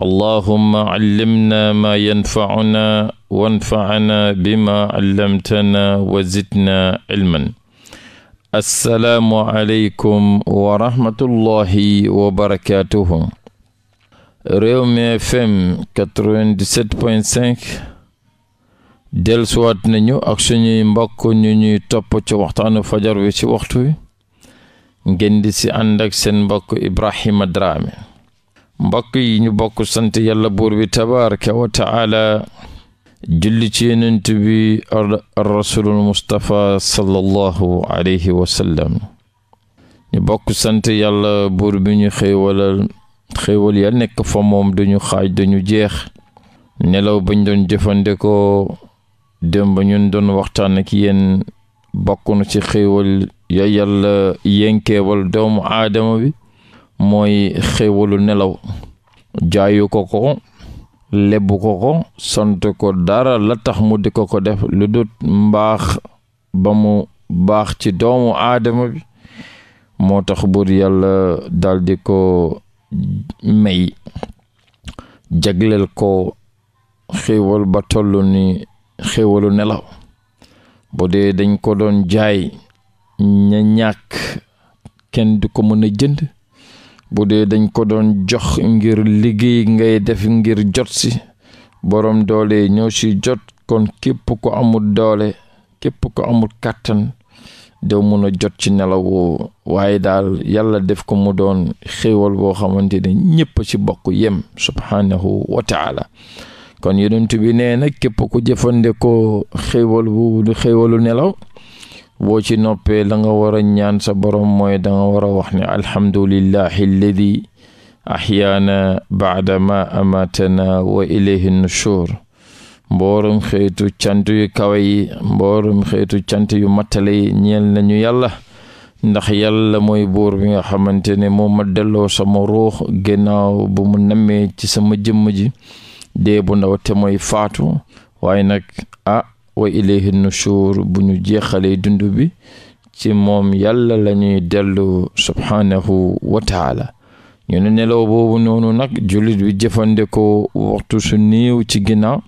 allahuma callimna maa yanfacunaa wanfacanaa bimaa callamtanaa wa zidnaa cilman assalaamu aleykum wa rahmatullahi wa barakaatuhu Rewmi FM 97.5 delsuwaat nañu ak suñuy mbokk ñu ñuy topp ci waxtaanu fajar wi ci waxtu wi ngeen di si ànd ak seen mbokk Ibrahima Drame mbokk yi ñu bokk sant yàlla buur bi tabaraka wa taala julli ci yenent bi rasulul mustapha sallallahu alayhi wa sallam ñu bokk sant yàlla buur bi ñu xéewalal xéewal ya nekk fa moom duñu xaaj duñu jeex nelaw bañ doon jëfandikoo démb ñun doon waxtaan ak yéen bokk na ci xéewal ya yàlla yénkeewal doomu aadama bi mooy xéwalu nelaw jaayu ko ko lebbu ko ko sant ko dara la tax mu di ko ko def lu dut mbaax ba mu baax ci doomu aadama bi moo tax buur yàlla daldi ko may jagleel ko xéwal ba toll ni xéwalu nelaw bu dee dañ ko doon jaay ña ñàkk kenn du ko mën a jënd bu dee dañ ko doon jox ngir liggéey ngay def ngir jot si boroom doole ñëw si jot kon képp ko amul doole képp ko amul kàttan doo mun a jot ci nelaw waaye daal yàlla def ko mu doon xéewal boo xamante ne ñépp si bokk yem subhaanahu wa kon yonent bi nee na képp ko jëfandikoo xéewal bu xéewalu nelaw boo ci noppee la nga war a ñaan sa borom mooy danga war a wax ne alhamdulillahi alladi axyaana baadama amatana wa ilayhi nushur mboorum xeetu cant yu kawe yi mboorum xeetu cant yu mattale yi ñeel nañu yàlla ndax yàlla mooy buur bi nga xamante ne moo ma delloo sama ruux gannaaw bu mu nammee ci sama jëmm ji dee bu ndaw te mooy faatu waaye nag ah wa ilayhi nushur bu ñu jeexalee dund bi ci moom yàlla lañuy dellu subhaanahu wa ñu ne nelaw boobu noonu nag jullit bi jëfandikoo waxtu su néew ci ginnaaw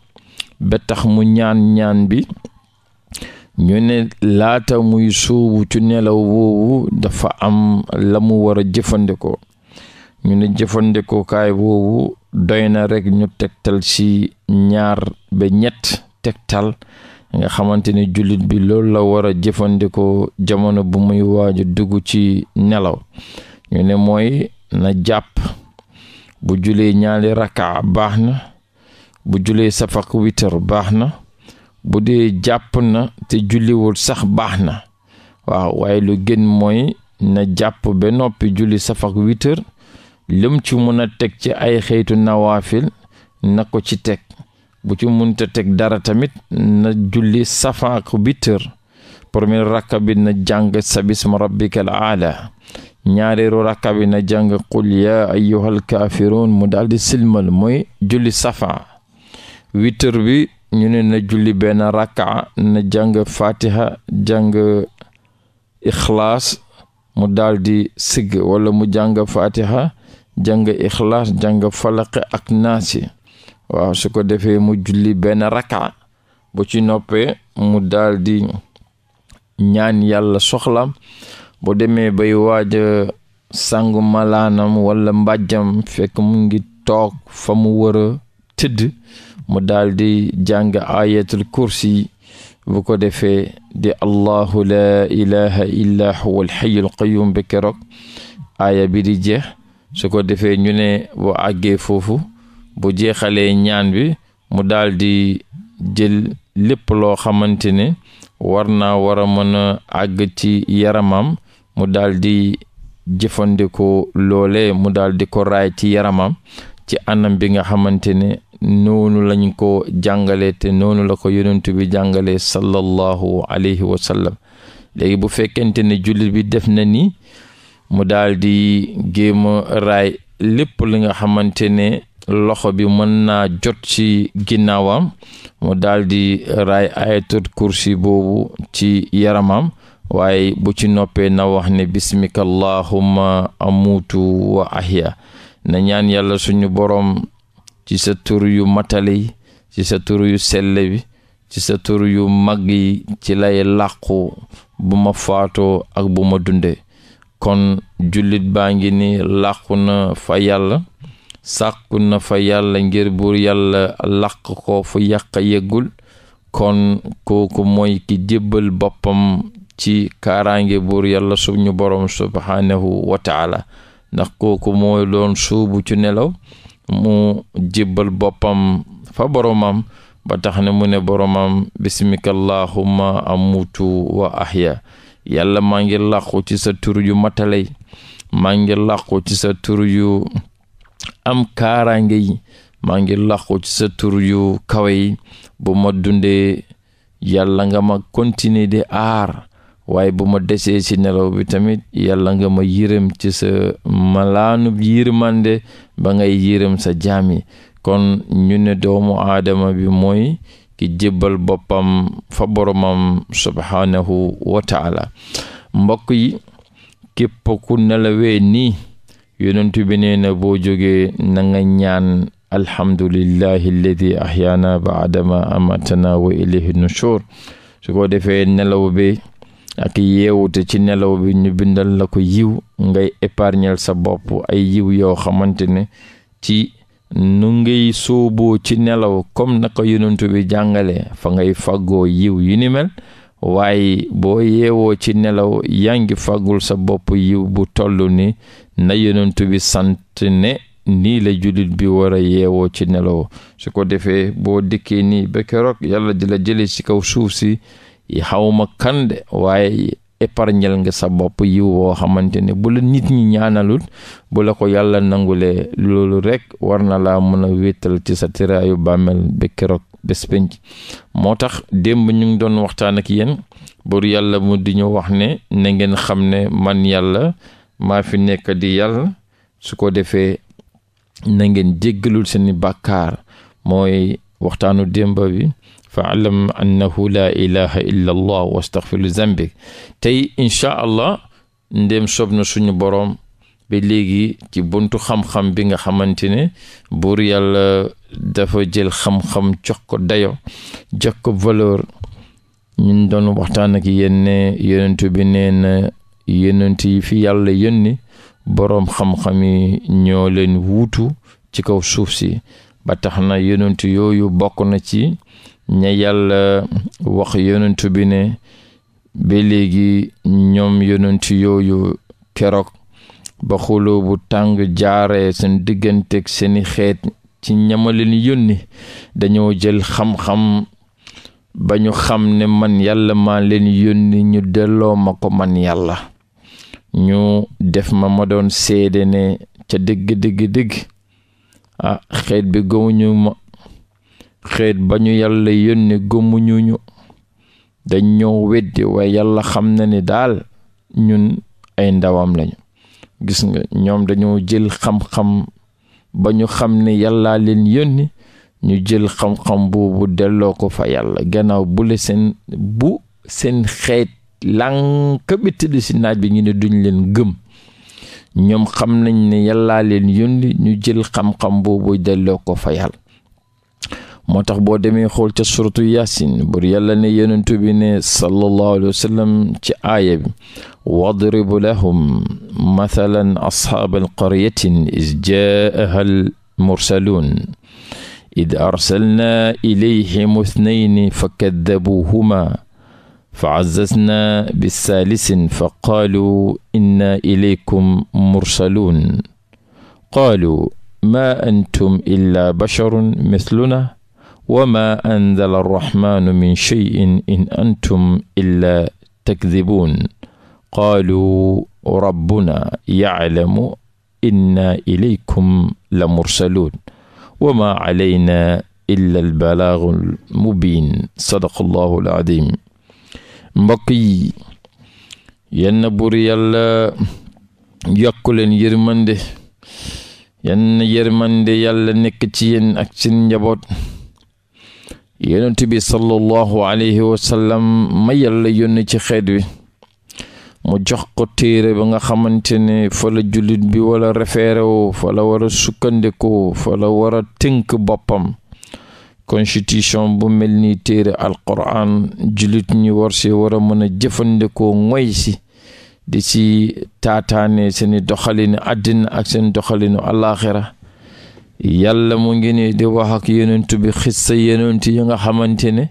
ba tax mu ñaan ñaan bi ñu ne laata muy suubu ci nelaw boobu dafa am la mu war a jëfandikoo ñu ne jëfandikookaay boobu doy na rekk ñu tegtal ci ñaar ba ñett tegtal nga xamante ne jullit bi loolu la war a jëfandikoo jamono bu muy waaj a dugg ci nelaw ñu ne mooy na jàpp bu julee ñaari rakkaa baax na bu julee safak witar baax na bu dee jàpp na te julliwul sax baax na waaw waaye lu gën mooy na jàpp ba noppi julli safak witar lim ci mën a teg ci ay xeetu nawaafil na ko ci teg bu ci munta teg dara tamit na julli safa ak witr premier rakka bi na jàng sabisma rabbikal aala ñaareelu rakka bi na jàng qul ya kaafiruun mu daal di silmal mooy julli safa witr bi ñu ne na julli benn rakka na jàng fatiha jàng ixlaas mu daldi di sigg wala mu jàng fatiha jàng ixlaas jàng falaq ak naasi waaw su ko defee mu julli benn rakka bu ci noppe mu daldi ñaan yàlla soxlam bu demee bay waaja sangu malaanam walla mbàjjam fekk mu ngi toog fa mu war tëdd mu daldi jàng ayatul kursi bu ko defee di allahu la ilaha illa huwa alxayyul qayyum bi keroog aaya bi di jeex su ko defee ñu ne bu àggee foofu bu jeexalee ñaan bi mu daldi jël lépp loo xamante ne war naa war a mën a àgg ci yaramam mu daldi di jëfandikoo loolee mu daal di ko raay ci yaramam ci anam bi nga xamante ne noonu lañ ko jàngale te noonu la ko yonent bi jàngale sallallahu alayhi wa léegi bu fekkente ne jullit bi def na ni mu daldi di géem raay lépp li nga xamante ne loxo bi mën naa jot ci ginnaawam mu daldi raay ayatul kursi boobu ci yaramam waaye bu ci noppee na wax ne bismika allahumma amutu wa ahya na ñaan yàlla suñu boroom ci sa tur yu matale ci sa tur yu sell bi ci sa tur yu mag yi ci lay làqu bu ma faatoo ak bu ma dunde kon jullit baa ngi ni làqu na fa yàlla sàkku na fa yàlla ngir buur yàlla lakk ko fu yàq yeggul kon kooku mooy ki jébbal boppam ci karaange buur yàlla suñu borom subhaanahu wa taala ndax kooku mooy doon suubu ci nelaw mu jébbal boppam fa boromam ba tax ne mu ne boromam bismika allahumma amutu wa ahya yàlla maa ngi làqu ci sa tur yu matalay maa ngi làqu ci sa tur am kaaraange yi maa ngi làqu ci sa tur yu kawe yi bu ma dundee yàlla nga ma continuer de aar waaye bu ma desee ci nelaw bi tamit yàlla nga ma yërëm ci sa malaanub yërmande ba ngay yërëm sa jaam yi kon ñu ne doomu aadama bi mooy ki jébbal boppam fa boromam subhaanahu wa taala yi képp ku nelawee nii yonent bi nee na boo jógee na nga ñaan alhamdulillahi alladi ahyaana baadama amatana wa ilayhi nushur su ko defee nelaw bi ak yeewute ci nelaw bi ñu bindal la ko yiw ngay épargnel sa bopp ay yiw yoo xamante ne ci nu suubu ci nelaw comme naka yonent bi jàngale fa ngay faggoo yiw yu ni waaye boo yeewoo ci nelaw yaa ngi fàggul sa bopp yiw bu toll ni na yonent bi sant ne nii la jullit bi war a yeewoo ci nelaw su ko defee boo dikkee nii ba keroog yàlla di la jëlee si kaw suuf si xawma kan de waaye épargnel nga sa bopp yiw woo xamante ne bu la nit ñi ñaanalul bu la ko yàlla nangulee loolu rekk war na laa mën a wéttal ci sa teraayu bàmmeel ba keroog bés penc moo tax démb ñu ngi doon waxtaan ak yéen bur yàlla mu di ñu wax ne na ngeen xam ne man yàlla maa fi nekk di yàlla su ko defee na ngeen jéggalul seeni bàkkaar mooy waxtaanu démb bi fa alam annahu laa ilaha illa allah wastaxfiru tey incha allah ndéem sob na suñu boroom ba léegi ci buntu xam-xam bi nga xamante ne buur yàlla dafa jël xam-xam jox ko dayo jox ko valeur ñun doon waxtaan ak yéen ne yonentu bi nee na yonent yi fi yàlla yónni boroom xam-xam yi ñoo leen wuutu ci kaw suuf si ba tax na yonent yooyu bokk na ci ña yàlla wax yonent bi ne ba léegi ñoom yonent yooyu keroog ba xuloo tàng jaaree seen digganteeg seeni xeet ci ñamaleen yónni dañoo jël xam-xam ba ñu xam ne man yàlla ma leen yónni ñu delloo ma ko man yàlla ñu def ma ma doon seede ne ca dëgg dëgg dëgg ah xeet bi gëmuñu ma xeet ba ñu yàlla yónni gëmuñu ñu dañ ñoo weddi waaye yàlla xam na ni daal ñun ay ndawam lañu gis nga ñoom dañoo jël xam-xam ba ñu xam ne yàlla leen yónni ñu jël xam-xam boobu delloo ko fa yàlla gannaaw bu le seen bu seen xeet lànk bi tëdd si naaj bi ñu ne duñ leen gëm ñoom xam nañ ne yàllaa leen yónni ñu jël xam-xam boobu delloo ko fa yàlla moo tax boo demee xool ca suratu yaasin bur yàlla ne yonentu bi ne sallallahu alayhi wa sallam ci aaya bi wadrib lahum mathalan asxaaba alqaryatin is jaaha al mursaluun id arsalna ilayhim ithnayni fa kaddabuuhuma fa azzazna bisaalisin fa qaaluu inna ilaykum mursaluun qaaluu maa antum illaa basharun mithluna wama anzala arrahmanu min cheyin in antum illa takdibuun qaalu rabbuna yaclamu inna ilaykum la mursaluun wama calayna illa albalaagu lmubiin sadaqa allahu alazim mbokk yi yenn bur yàlla yokku leen yërmande yenn yërmande yàlla nekk ci yéen ak seen njaboot yonent bi sallallahu alayhi wasallam ma yàlla yónni ci xeet wi mu jox ko téere ba nga xamante ne fa la jullit bi wala refeerewu fa la war a sukkandiku fa war a tënk boppam constitution bu mel ni téere alquran jullit ñi war si war a mën a jëfandikoo ngoy si di si taataane seeni doxalinu àddina ak seen doxalinu alaaxira yàlla mu ngi ni di wax ak yonent bi sa yonent yi nga xamante ne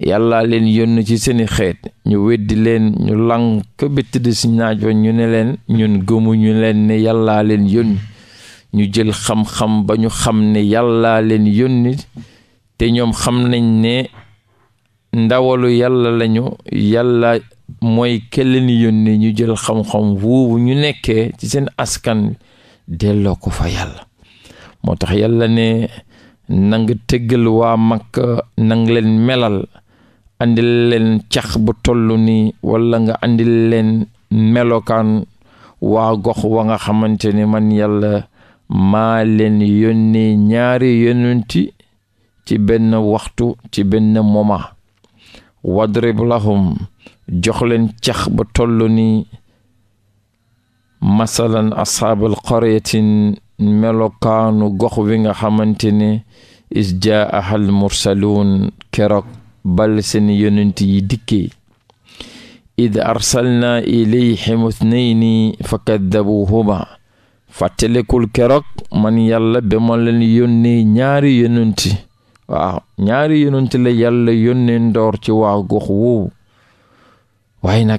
yàllaa leen yónn ci seeni xeet ñu weddi leen ñu lànk ba tëdd si naaj ba ñu ne leen ñun gëmuñu leen ne yàlla leen yónni ñu jël xam-xam ba ñu xam ne yàlla leen yónni te ñoom xam nañ ne ndawalu yàlla lañu yàlla mooy kelle ni yónni ñu jël xam-xam woowu ñu nekkee ci seen askan delloo ko fa yàlla moo tax yàlla ne nanga tëggal waa Makka nang leen melal andil leen cax ba toll ni wala nga andil leen melokaan waa gox wa nga xamante ni man yàlla maa leen yónnee ñaari yonenti ci benn waxtu ci benn moment wadrib lahum jox leen cax ba toll ni masalan ashaabal qaryatin melokaanu gox wi nga xamante ni is jaa ahal mursaluun keroog bal seen yonent yi dikkee id arsalna ilayhim uthnayni fa kaddabuhuma fàttalekul keroog man yàlla ba ma leen yónnee ñaari yonenti waaw ñaari yonenti la yàlla yónnee ndoor ci waa gox woowu waaye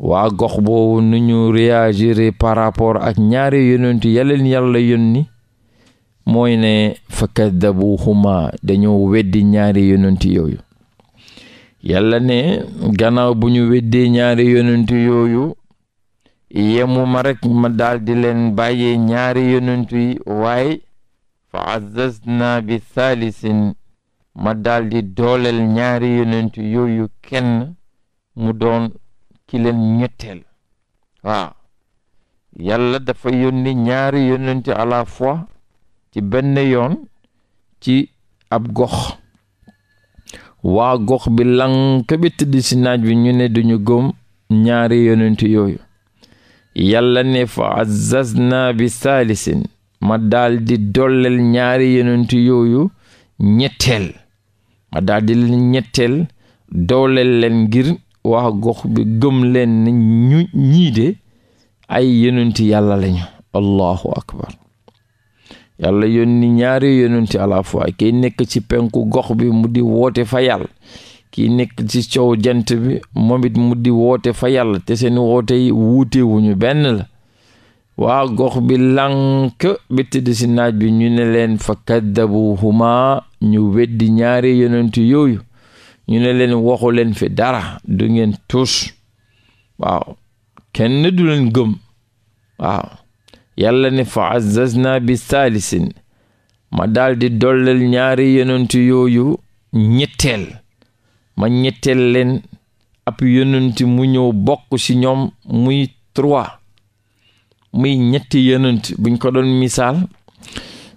waa gox boobu nu ñu réagir par rapport ak ñaari yonent yaleen yàlla yónni mooy ne fa kaddabuhuma dañoo weddi ñaari yonent yooyu yàlla ne gannaaw bu ñu weddee ñaari yonent yooyu yemu ma rek ma daldi leen bàyyee ñaari yonent yi waaye fa azzazna bi thaalisin ma daldi dooleel ñaari yonent yooyu kenn mu doon ki leen ñetteel waaw dafa yónni ñaari yónnente à ci benn yoon ci ab gox waa gox bi lank bi tëdd si naaj bi ñu ne duñu gëm ñaari yónnente yooyu yàlla ne fa azazna bi saalisin ma daal di dolleel ñaari yónnente yooyu ñetteel ma daal di ñetteel dooleel leen ngir waa gox bi gëm leen ne ñu ñii ay yonenti yàlla lañu allahu akbar yàlla yónni ñaari yonenti à la nekk ci penku gox bi mu di woote fa yàlla kiy nekk ci coow jant bi moom it mu di woote fa yàlla te seen woote wuutewuñu benn la waa gox bi lànk bi tëdd si naaj bi ñu ne leen fa kaddabu huma ñu weddi ñaari yonenti yooyu ñu ne leen waxu leen fi dara du ngeen tus waaw kenn du leen gëm waaw yàlla ne fa azzazna bi saalisin ma daldi dollal ñaari yonent yooyu ñetteel ma ñetteel leen ab yonent mu ñëw bokk ci ñoom muy trois muy ñetti yonent buñ ko doon misaal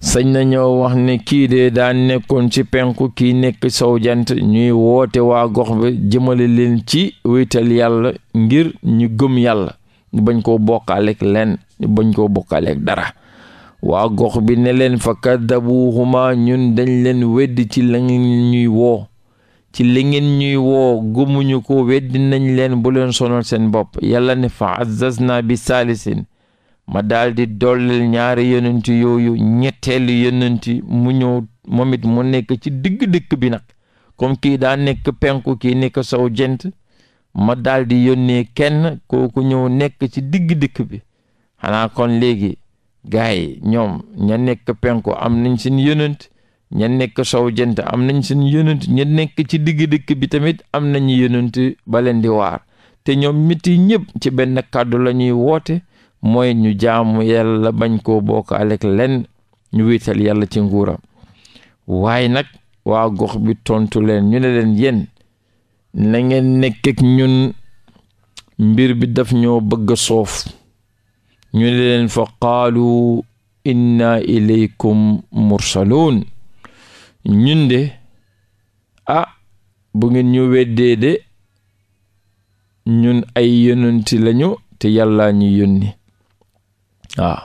sañ nañoo wax ne kii de daan nekkoon ci penku kii nekk sow jant ñuy woote waa gox bi jëmale leen ci wéetal yàlla ngir ñu gëm yàlla ñu bañ koo bokkaaleeg leen ñu bañ koo bokkaaleeg dara waa gox bi ne leen fa kaddabuhuma ñun dañ leen wedd ci la ñuy woo ci li ñuy woo gëmuñu ko weddi nañ leen bu leen sonal seen bopp yàlla ne fa azazna bi saalisin ma daldi dollil ñaari yonent yooyu ñetteelu yonent mu ñëw moom it mu nekk ci digg dëkk bi nag comme kii daa nekk penku kii nekk sow jent ma daldi yónnee kenn kooku ñëw nekk ci digg dëkk bi xanaa kon léegi gaay yi ñoom ña nekk penku am nañ seen yënant ña nekk sow jent am nañ seen yonent ña nekk ci digg dëkk bi tamit am nañu yënant ba leen di waar te ñoom miti ñëpp ci benn kàddu la ñuy woote mooy ñu jaamu yàlla bañ koo bokk alek len ñu wiital yàlla ci nguuram waaye nag waa gox bi tontu leen ñu ne leen yéen na ngeen nekk ñun mbir bi daf ñoo bëgg a soof ñu ne leen fa qaalu inna ilaykum mursaluun ñun de ah bu ngeen ñu weddee de ñun ay yonanti lañu te yàlla ñu yónni waaw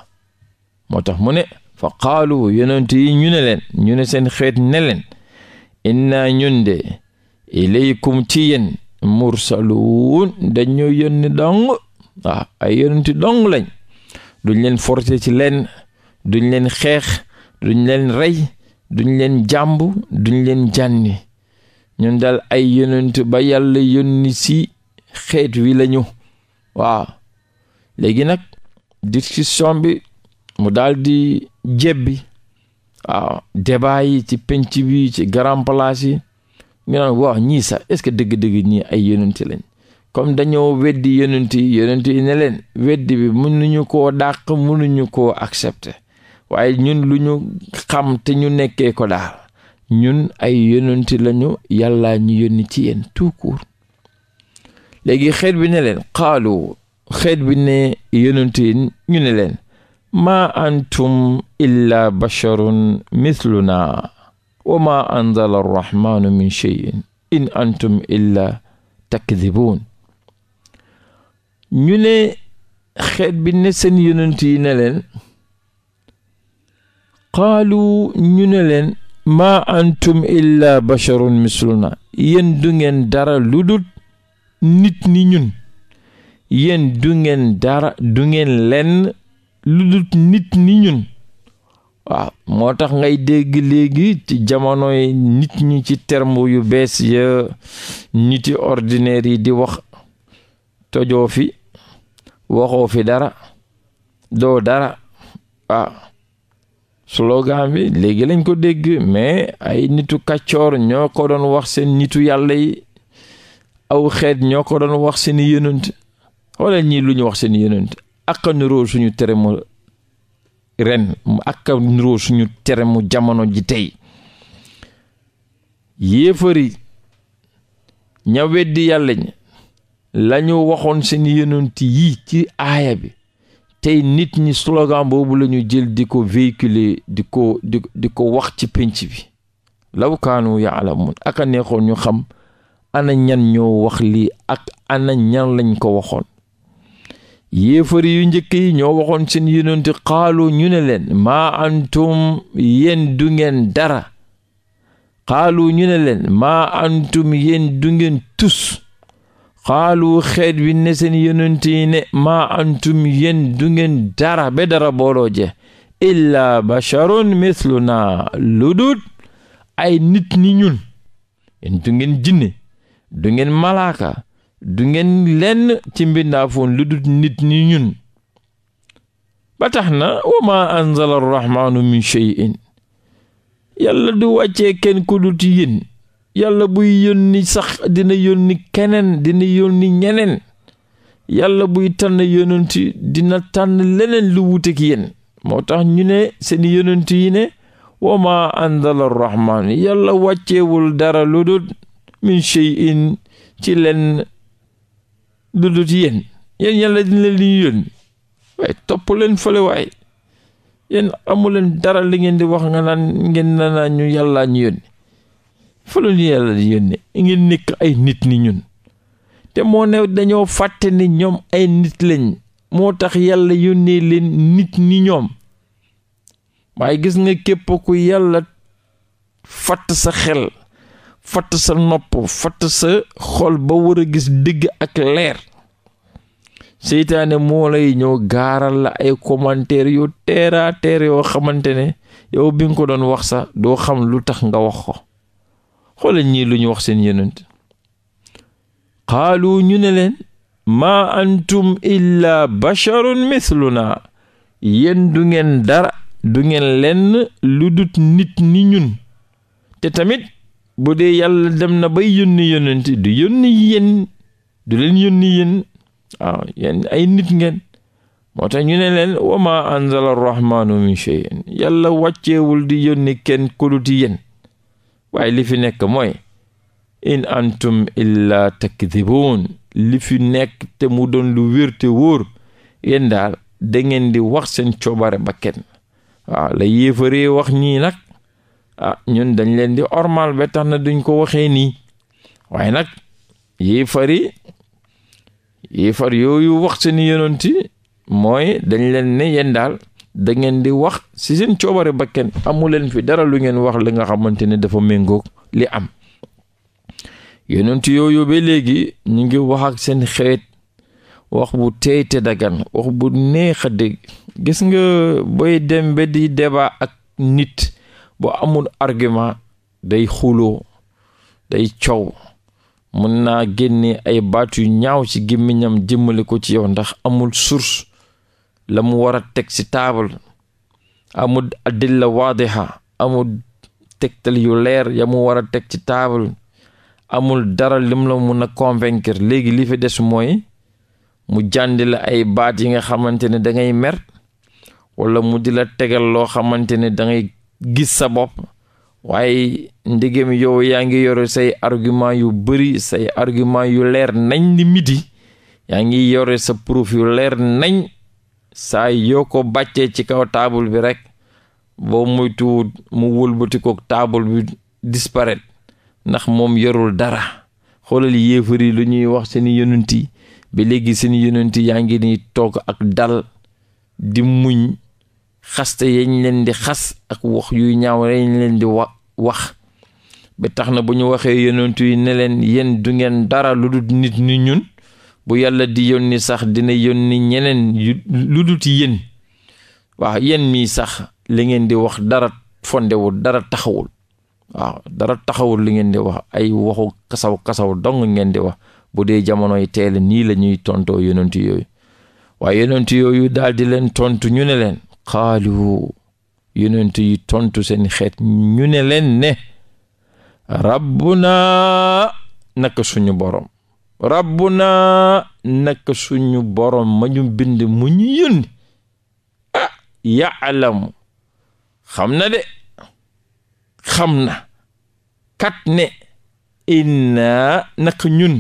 moo tax mu ne fa qaalu yonent yi ñu ne leen ñu ne seen xeet ne leen inna ñun de ilaykum ci yéen mursaluun dañoo yónni dong waaw ay yonenti dong lañ duñ leen forcé ci leen duñ leen xeex duñ leen rey duñ leen jàmb duñ leen jànni ñun daal ay yonent ba yàlla yónni si xeet wi lañu waaw léegi nag discussion bi mu daldi di jebbi waaw débat yi ci penc bi ci grand place yi ñu naan waaw ñii sax est-ce que dëgg-dëgg ñii ay yonent lañ comme dañoo weddi yonent yi yonent ne leen weddi bi mënuñu koo dàq mënuñu koo accepter waaye ñun lu ñu xam te ñu nekkee ko daal ñun ay yonent lañu yàlla ñu yónni ci yéen léegi xeet bi ne leen xeet bi ñu ne antum illa basharun mithluna wa ma anzala arrahmanu min cheyin in antum illa takdibuun ñu ne xeet bi ne seen yonent yi ne leen qaalu ñu ne leen maa antum illa basharun misluna yéen du ngeen dara ludul nit ni ñun yéen du ngeen dara du ngeen lenn lu dul nit ni ñun waaw moo tax ngay dégg léegi ci yi nit ñi ci termo yu bees ya niti ordinaire yi di wax tojoo fi waxoo fi dara doo dara waaw slogan bi léegi lañ ko dégg mais ay nitu kàccoor ñoo ko doon wax seen nitu yàlla yi aw xeet ñoo ko doon wax seeni yënant xoolal ñii lu ñu wax seen yonent ak a niroo suñu tere mu ren ak a niroo suñu tere mu jamono ji tey yéefari ña weddi yàlla ñi lañu waxoon seen yonent yi ci aaya bi tey nit ñi slogan boobu la jël di ko véhiculer di ko di di ko wax ci pénc bi law kaanu yaalamun ak a neexoon ñu xam ana ñan ñoo wax lii ak ana ñan lañ ko waxoon yéefar yu njëkk yi ñoo waxoon seen yonente xaalu ñu ne leen maa antum yéen du ngeen dara xaalu ñu ne leen maa antum yéen du ngeen tus xaalu xeet bi ne seen yonente ne maa antum yéen du ngeen dara be dara booloo je illaa basharun na lu dut ay nit ni ñun yéen du ngeen jinne du ngeen malaaka du ngeen lenn ci mbindaafoon lu dul nit ni ñun ba tax na wa ma anzala arrahmaanu min shay'in yàlla du wàccee kenn ku dul ci yéen yàlla buy yónni sax dina yónni keneen dina yónni ñeneen yàlla buy tànn yonent dina tànn leneen lu wuute ki moo tax ñu ne seeni yonent yi ne wa ma anzala arrahmaan yàlla wàcceewul dara lu dul min shay'in ci lenn lu dul yéen yéen yàlla dina leen li ñu waaye topp leen fële waaye yéen amu leen dara li ngeen di wax nga naan ngeen na ñu yàlla ñu yónni fële ñu yàlla di yónni ngeen nekk ay nit ni ñun te moo ne dañoo fàtte ni ñoom ay nit lañ moo tax yàlla yónnee leen nit ni ñoom waaye gis nga képp ku yàlla fatt sa xel fatt sa nopp fatt sa xol ba war a gis dëgg ak leer seytaane moo lay ñëw gaaral la ay komanteer yu teera teer yoo xamante ne yow bi ko doon wax sax doo xam lu tax nga wax ko xoolal ñii lu ñu wax seen yonent xaalu ñu ne leen maa antum illaa basharun mithluna yéen du ngeen dara du ngeen lenn lu dut nit ni ñun te tamit bu dee yàlla dem na bay yónni yonent du yónni yéen du leen yónni yéen waaw ay nit ngeen moo tax ñu ne leen wama anzala rahmaanu min shay'in yàlla wàcceewul di yónni kenn kuluti yéen waaye li fi nekk mooy in antum illa takdibuun li fi nekk te mu doon lu wér te wóor yéen daal da ngeen di wax seen coobare ba kenn waaw la yéefaree wax ñii nag ah ñun dañ leen di ormal ba tax na duñ ko waxee nii waaye nag yéefari yéefar yooyu wax seen yonent mooy dañ leen ne yéen daal da ngeen di wax ci seen coobare bakken amu leen fi dara lu ngeen wax li nga xamante ne dafa méngoog li am yonent yooyu be léegi ñu ngi wax ak seen xeet wax bu teey te dagan wax bu neex a dégg gis nga booy dem ba di débat ak nit boo amul argument day xuloo day coow mun naa génne ay baat yu ñaaw ci gémmiñam jëmmale ko ci yow ndax amul source la mu war a teg ci taabal amul adilla waadiha amul tegtal yu leer ya mu war a teg ci taabal amul dara lim la mun a convaincre léegi li fi des mooy mu jàndi la ay baat yi nga xamante ne dangay mer wala mu di la tegal loo xamante ne da ngay gis sa bopp waaye ndegem yow yaa ngi yore say argument yu bëri say argument yu leer nañ ni midi yaa ngi yore sa proof yu leer nañ saa yoo ko bàccee ci kaw taabul bi rek boo moytuwut mu wëlbati ko taabul bi disparaître ndax moom yorul dara xoolal yéefar lu ñuy wax seen yonent yi ba léegi seen yonenti yaa ngi ni toog ak dal di muñ xaste yañ leen di xas ak wax yu ñaaw yañ leen di wax wax ba tax na bu ñu waxee yonent yi ne leen yéen du ngeen dara lu dul nit ni ñun bu yàlla di yónni sax dina yónni ñeneen lu dul yéen waa yéen mii sax li ngeen di wax dara fondewul dara taxawul waaw dara taxawul li ngeen di wax ay waxu kasaw kasaw dong ngeen di wax bu dee jamonoy teel nii la ñuy tontoo yonent yooyu waaye yonent yooyu daal leen tontu ñu ne leen qaalu yonent yi tontu seen xeet ñu ne leen ne rabbuna naka suñu borom rabbuna naka suñu borom ma ñu bind mu ñu yónni ah yaalamu xam na de xam na kat ne inna naka ñun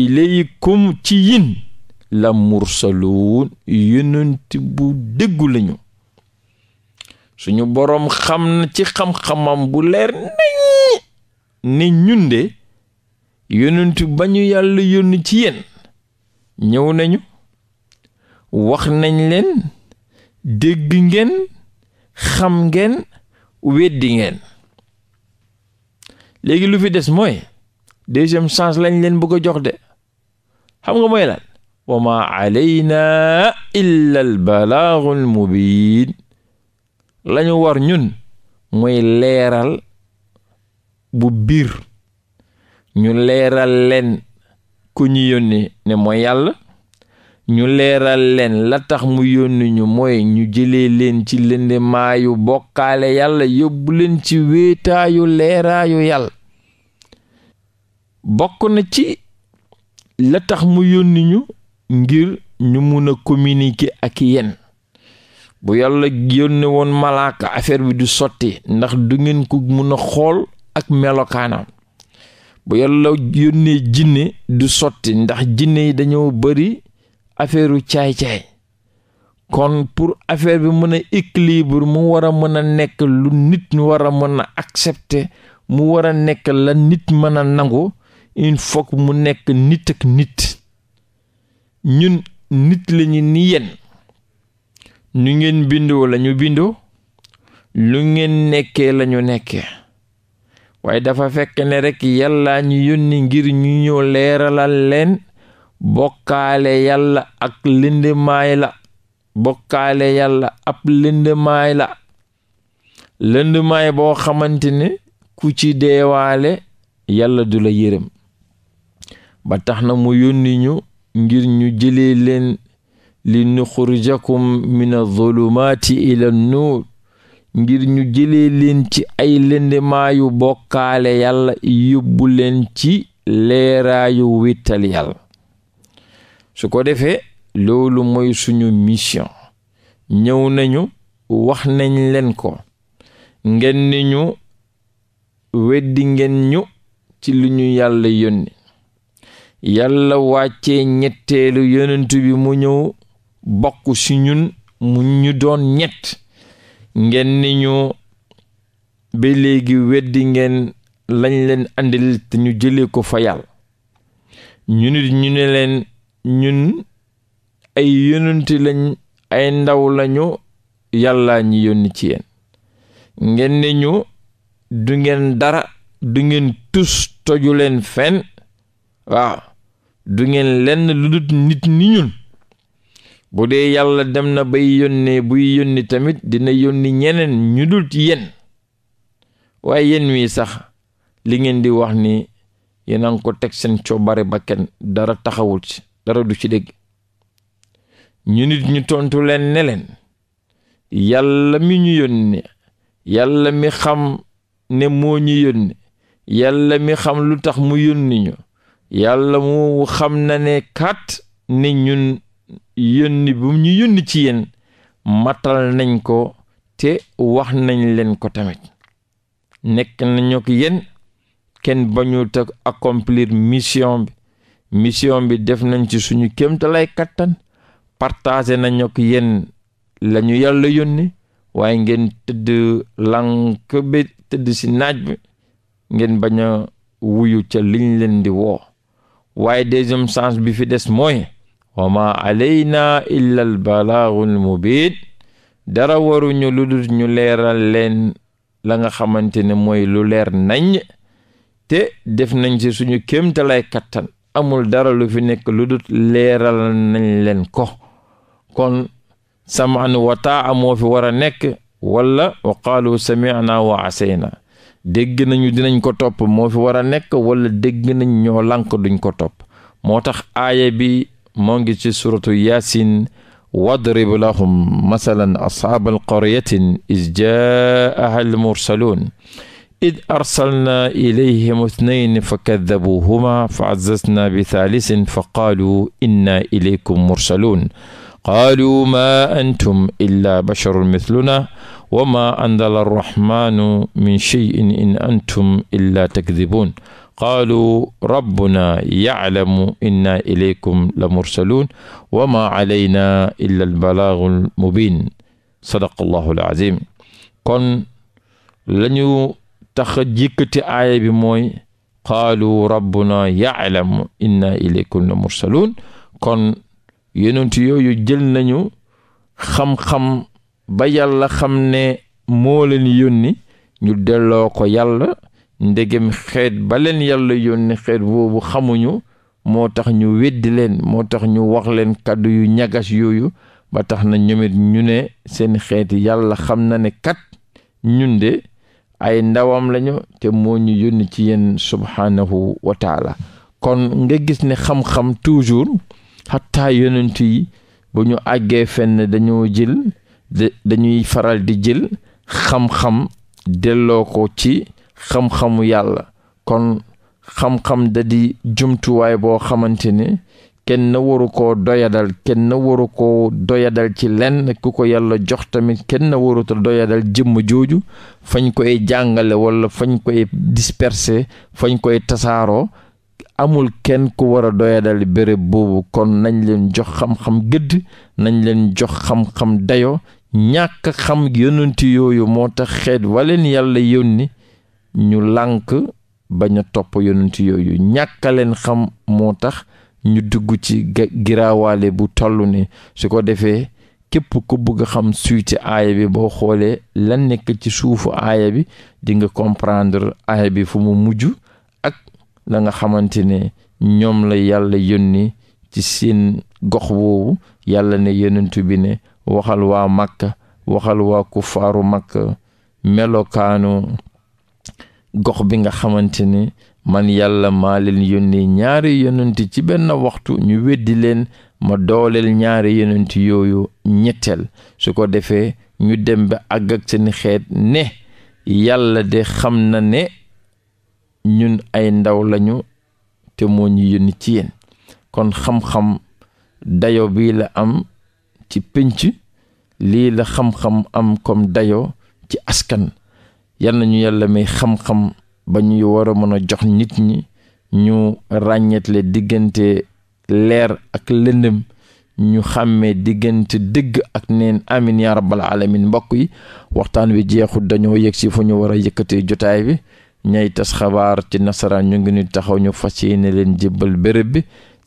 ilaykum ci yin la mursaluun lañu suñu boroom xam na ci xam-xamam bu leer nañ ni ñun de yonent ba ñu yàlla yónni ci yéen ñëw nañu wax nañ leen dégg ngeen xam ngeen weddi ngeen léegi lu fi des mooy deuxième chance lañ leen bëgg a jox de xam nga mooy la wa ma alayna illa al balaagul mubiin lañu war ñun mooy leeral bu biir ñu leeral leen ku ñu yónni ne mooy yàlla ñu leeral leen la tax mu yónni ñu mooy ñu jëlee leen ci lënd maayu bokkaale yàlla yóbbu leen ci wéetaayu leeraayu yàlla bokk na ci la tax mu yónni ñu ngir ñu mën a communiquer ak yéen bu yàlla yónne woon malaaka affaire bi du sotti ndax du ngeen ko mën a xool ak melokaanam bu yàlla yónnee jinne du sotti ndax jinne yi dañoo bari affaireu caay-caay kon pour affaire bi mën a équilibre mu war a mën a nekk lu nit ñu war a mën a accepter mu war a nekk la nit mën a nangu il faut mu nekk nit ak nit ñun nit lañu ni yéen ñu ngeen bindoo lañu bindoo lu ngeen nekkee lañu nekkee waaye dafa fekk ne rekk yalla ñu yónni ngir ñu ñu leeralal leen bokkaale yàlla ak lëndëmaay la bokkaale yàlla ab lëndëmaay la lëndëmaay boo xamante ne ku ci deewaale yàlla du la yërëm ba tax na mu yónni ñu ngir ñu jëlee leen li nuxurijakum min adulumaati ila nuur ngir ñu jëlee leen ci ay lëndemaayu bokkaale yàlla yóbbu leen ci leeraayu wittal yàlla su ko defee loolu mooy suñu mission ñëw nañu wax nañ leen ko ngeen ni ñu weddi ngeen ñu ci lu ñu yàlla yónni yàlla wàcce ñetteelu yonent bi mu ñëw bokk ci ñun mu ñu doon ñett ngeen ni ñu ba léegi weddi ngeen lañ leen andil te ñu jëlee ko fa yàlla ñu nit ñu ne leen ñun ay yonent lañ ay ndaw lañu yàlla ñi yónni ci yéen ngeen ne ñu du ngeen dara du ngeen tus toju leen fen waaw du ngeen lenn lu dut nit ni ñun bu dee yàlla dem na bay yónnee buy yónni tamit dina yónni ñeneen ñu dul ci yéen waaye yéen wii sax li ngeen di wax ni yéen a ngi ko teg seen coobare bakken dara taxawul ci dara du ci dégg ñu nit ñu tontu leen ne leen yàlla mi ñu yónni yàlla mi xam ne moo ñu yónni yàlla mi xam lu tax mu yónni ñu yàlla mu xam na ne kat ne ñun yónni bu ñu yónni ci yéen matal nañ ko te wax nañ leen ko tamit nekk nañu ko yéen kenn bañu te accomplir mission bi mission bi def nañ ci suñu kéemtalaay kattan partagé nañu ko yéen la yàlla yónni waaye ngeen tëdd lànk bi tëdd ci naaj bi ngeen bañ a wuyu ca liñ leen di woo waaye deuxième chance bi fi des mooy wa ma alayna illa al balaagul dara waruñu lu ñu leeral leen la nga xamante ne mooy lu leer nañ te def nañ ci suñu kéemtalaay kattan amul dara lu fi nekk lu leeral nañ leen ko kon samaan wa taa amoo fi war a nekk wala wa qaalu sami'na wa asayna dégg nañu dinañ ko topp moo fi war a nekk wala dégg nañ ñoo lànk duñ ko topp moo tax aaya bi moo ngi ci suratu yaasin wadrib laxum masalan ashaabal qaryatin is jaaha al mursaluun id arsalna ilayhim ithnayn fa kaddabuuhuma fa azzazna bi thaalisin fa qaaluu inna ilaykum mursaluun qaaluu maa antum illaa basharun mithluna wa maa anzala arrahmaanu min cheyin in antum illaa takdibuun qaaluu rabbunaa yaclamu inna ilaykum la mursaluun wa maa calaynaa illa albalaagul mubiin sadaqa allahu alazim kon lañu tax a jikkati aaya bi mooy qaaluu rabbunaa yaclamu inna ilaykum la mursaluun kon yonent yooyu jël nañu xam-xam ba yàlla xam ne moo leen yónni ñu delloo ko yàlla ndegem xeet ba leen yàlla yónni xeet woowu xamuñu moo tax ñu weddi leen moo tax ñu wax leen kàddu yu ñagas yooyu ba tax na ñoomit ñu ne seen xeet yàlla xam na ne kat ñun de ay ndawam lañu te moo ñu yónni ci yéen subhaanahu wa taala kon nga gis ne xam-xam toujours xattaa yonent yi bu ñu àggee fenn dañoo jël dañuy faral di jël xam-xam delloo ko ci xam-xamu yàlla kon xam-xam da di jumtuwaay boo xamante ne kenn waru koo doyadal kenn waru koo doyadal ci lenn ku ko yàlla jox tamit kenn waruta doyadal jëmm jooju fañ koy jàngale walla fañ koy disperser fañ koy tasaaroo amul kenn ku war a doyadal béréb boobu kon nañ leen jox xam-xam gëdd nañ leen jox xam-xam dayo ñàkk xam yonent yooyu moo tax xeet waleen yàlla yónni ñu lànk ba a topp yonent yooyu leen xam moo tax ñu dugg ci giraawaale bu toll ni su ko defee képp ku bëgg xam suite aaya bi boo xoolee lan nekk ci suufu aaya bi dinga nga comprendre aaya bi fu mu mujj la nga xamante ne ñoom la yàlla yónni ci seen gox boobu yàlla na yonentu bi ne waxal waa Makka waxal waa kufaaru Makka melokaanu gox bi nga xamante ne man yàlla maa leen yónnee ñaari yonent ci benn waxtu ñu weddi leen ma dooleel ñaari yonent yooyu ñetteel su ko defee ñu dem ba àgg ak seen xeet ne yàlla de xam na ne ñun ay ndaw lañu te moo ñu yónni ci yéen kon xam-xam dayo bii la am ci pénc lii la xam-xam am comme dayo ci askan yal na ñu yàlla may xam-xam ba ñuy war a mën a jox nit ñi ñu ràññetle diggante leer ak lëndëm ñu xàmmee diggante dëgg ak neen amin yaa rabbal alamin mbokk yi waxtaan wi jeexul dañoo yëg ci fu ñu war a yëkkatee jotaay bi ñay tas xabaar ci nasaraan ñu ngi ñu taxaw ñu fas yéene leen jébbal béréb bi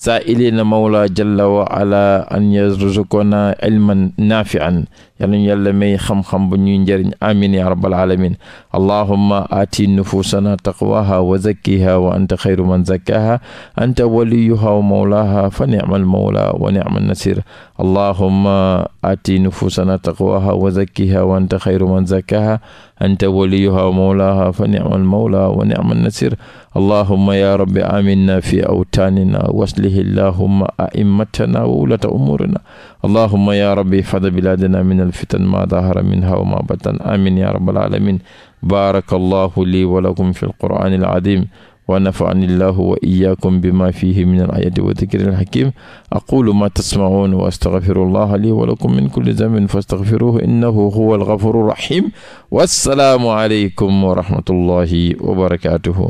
saa ilina mawla jalla wa ala an yarzuqana ilman naafian yal nañu yàlla may xam-xam bu ñuy njëriñ amin ya rabbal alamin allahumma aati nufusana taqwaha wa zakkiha wa anta xayru man zakkaha anta waliyuha wa mawlaha fa ni'mal mawla wa ni'man nasir allahumma aati nufusana taqwaha wa zakkiha wa anta xayru man zakkaha anta waliyuha wa mawlaha fa ni'mal mawla wa ni'man nasir allahumma ya rabbi aminna fi awtanina waslih allahumma a'immatana wa ulata umurina allahuma ya rabbi fada bilaadina min alfitan ma dahara minha wa ma batan amin ya rabbal alamin baaraka allahu lii wa lakum fi alqur'ani alazim wa nafa'ani allahu wa iyyakum bima fihi min alayati wa dhikri alhakim aqulu ma tasma'un wa astaghfiru allaha lii wa lakum min kulli dhanbin fastaghfiruhu innahu huwa alghafuru rahim wassalaamu aleykum wa rahmatullahi wa barakatuhu